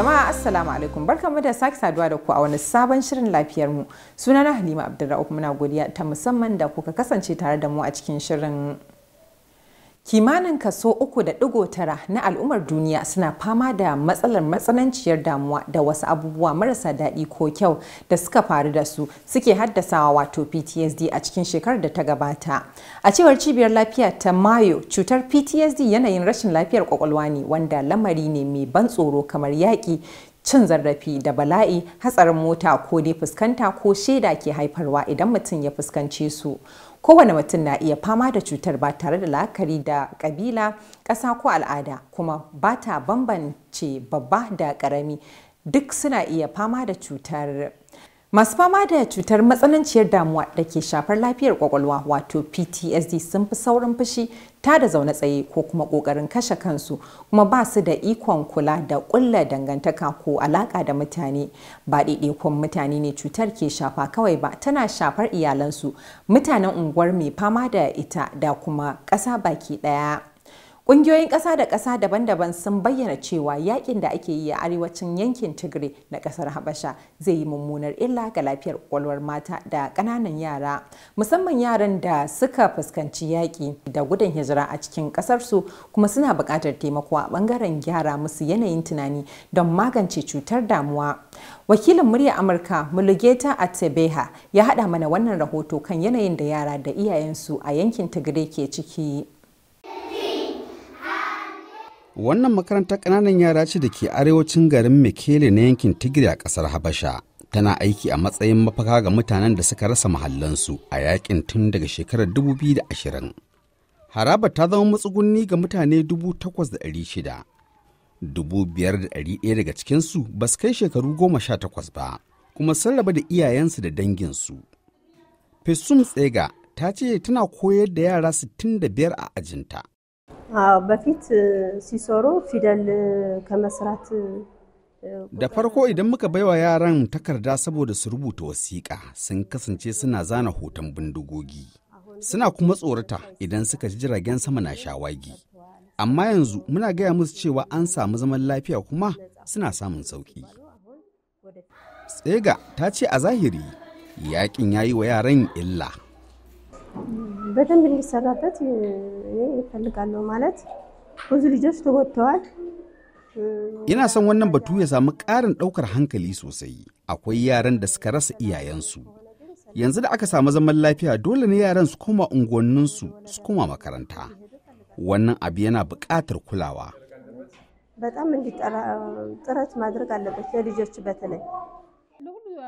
Jama'a Assalamu alaikum barkanmu da sake saduwa da ku a wani sabon shirin lafiyar mu. Sunana Halima Abdulra'uf muna godiya ta musamman da kuka kasance tare da mu a cikin shirin. kimanin kaso 3.9 na al'ummar duniya suna fama da matsalar matsananciyar damuwa da wasu abubuwa marasa daɗi ko kyau da suka faru da su suke haddasawa wato ptsd a cikin shekarar da ta gabata a cewar cibiyar lafiya ta mayo cutar ptsd yanayin rashin lafiyar kwakwalwa ne wanda lamari ne mai ban tsoro kamar yaƙi cin zarafi da bala'i hatsarin mota ko dai fuskanta ko shaida ke haifarwa idan mutum ya fuskance su kowane mutum na iya fama da cutar ba tare da la'akari da kabila ƙasa ko al'ada kuma ba ta bambance babba da ƙarami duk suna iya fama da cutar Masu fama da cutar matsananciyar damuwa da ke shafar lafiyar kwakwalwa wato PTSD sun fi saurin fushi ta da zaune tsaye ko kuma ƙoƙarin kashe kansu kuma ba su da ikon kula da ƙulla dangantaka ko alaƙa da mutane ba ɗaiɗaikun mutane ne cutar ke shafa kawai ba tana shafar iyalansu mutanen unguwar mai fama da ita da kuma ƙasa baki ɗaya. Ƙungiyoyin ƙasa da ƙasa daban-daban sun bayyana cewa yakin da ake yi a arewacin yankin Tigray na ƙasar Habasha zai yi mummunar illa ga lafiyar ƙwaƙwalwar mata da ƙananan yara, musamman yaran da suka fuskanci yaƙi da gudun hijira a cikin ƙasarsu kuma suna buƙatar taimako a ɓangaren gyara musu yanayin tunani don magance cutar damuwa. Wakilin murya Amurka Mulugeta Atebeha ya haɗa mana wannan rahoto kan yanayin da yara da iyayensu a yankin Tigray ke ciki. Wannan makarantar ƙananan yara ce da ke arewacin garin Mekele na yankin Tigiri a ƙasar Habasha. Tana aiki a matsayin mafaka ga mutanen da suka rasa mahallansu a yakin tun daga shekarar 2020. Haraba ta zama matsugunni ga mutane 8,600. ɗaya daga cikinsu ba su kai shekaru goma sha takwas ba, kuma sun raba da iyayensu da danginsu. Fesum Tsega ta ce tana koyar da yara sittin da biyar a ajinta በፊት ሲሰሩ ፊደል ከመስራት da farko idan muka baiwa yaran takarda saboda su rubuta wasiƙa sun kasance suna zana hoton bindigogi suna kuma tsorata idan suka ji jiragen sama na shawagi amma yanzu muna gaya musu cewa an samu zaman lafiya kuma suna samun sauƙi tsega ta ce a zahiri yaƙin ya yi wa yaran illa በደንብ እንዲሰራበት ይፈልጋለሁ። ማለት ብዙ ልጆች ተጎድተዋል። ina san wannan batu ya samu ƙarin ɗaukar hankali sosai akwai yaran da suka rasa iyayensu yanzu da aka samu zaman lafiya dole ne yaran su koma unguwanninsu su koma makaranta wannan abu yana buƙatar kulawa በጣም ጥረት ማድረግ አለበት ለልጆች በተለይ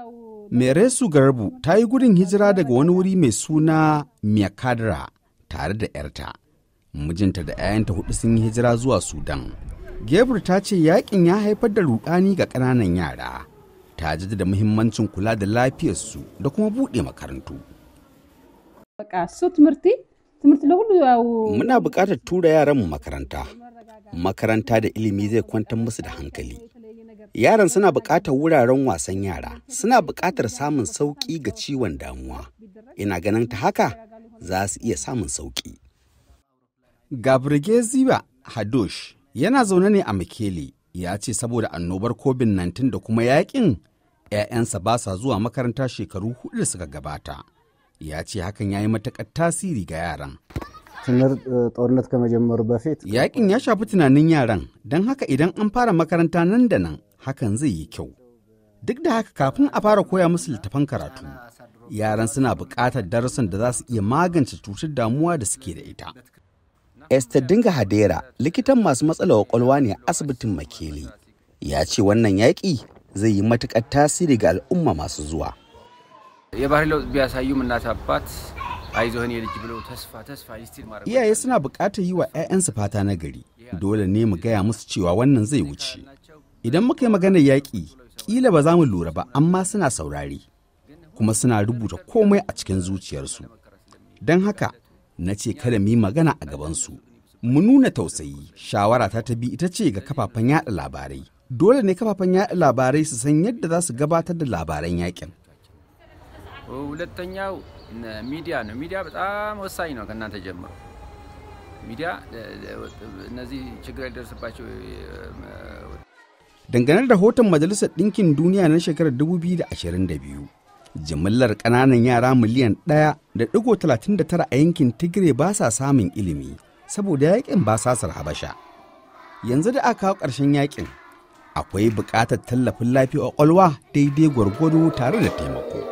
mai Meresu Garbu ta yi gudun hijira daga wani wuri mai suna Miyakadra tare da 'yarta. Mijinta da 'ya'yanta hudu sun yi hijira zuwa Sudan. gebru ta ce yakin ya haifar da rudani ga ƙananan yara. Ta jaddada muhimmancin kula da lafiyarsu da kuma buɗe makarantu. Muna buƙatar tura yaran mu makaranta. Makaranta da ilimi zai kwantar musu da hankali. Yaran suna buƙatar wuraren wasan yara, suna buƙatar samun sauƙi ga ciwon damuwa. Ina ganin ta haka za su iya samun sauƙi. Ziba Hadosh yana zaune ne a Mikele ya ce saboda annobar COVID-19 da kuma yaƙin 'ya'yansa ba sa zuwa makaranta shekaru hudu da suka gabata. Ya ce hakan ya yi matakar tasiri ga yaran. Yaƙin ya shafi tunanin yaran don haka idan an fara makaranta nan da nan hakan zai yi kyau duk da haka kafin a fara koya musu littafan karatu yaran suna buƙatar darasin da za su iya magance cutar damuwa da suke da ita esther dinga hadera likitan masu matsalar kwakwalwa ne a asibitin makeli ya ce wannan yaƙi zai yi matuƙar tasiri ga al'umma masu zuwa iyaye suna buƙatar yi wa 'ya'yansu fata na gari dole ne mu gaya musu cewa wannan zai wuce Idan muka yi maganar yaƙi, ƙila ba za mu lura ba, amma suna saurare, kuma suna rubuta komai a cikin zuciyarsu. Don haka, na ce kada mu yi magana a gabansu. Mu nuna tausayi, shawara ta tabi bi ita ce ga kafafen yaɗa labarai. Dole ne kafafen yaɗa labarai su san yadda za su gabatar da labaran yaƙin. ሁለተኛው ሚዲያ ነው። ሚዲያ በጣም ወሳኝ ነው ከእናንተ ጀምሮ ሚዲያ እነዚህ ችግር ያደርስባቸው dangane da rahoton majalisar ɗinkin duniya na shekarar 2022 jimillar ƙananan yara miliyan 1.39 a yankin tigre ba sa samun ilimi saboda yakin basasar habasha yanzu da aka kawo ƙarshen yakin akwai buƙatar tallafin lafiya ƙwaƙwalwa daidai gwargwado tare da taimako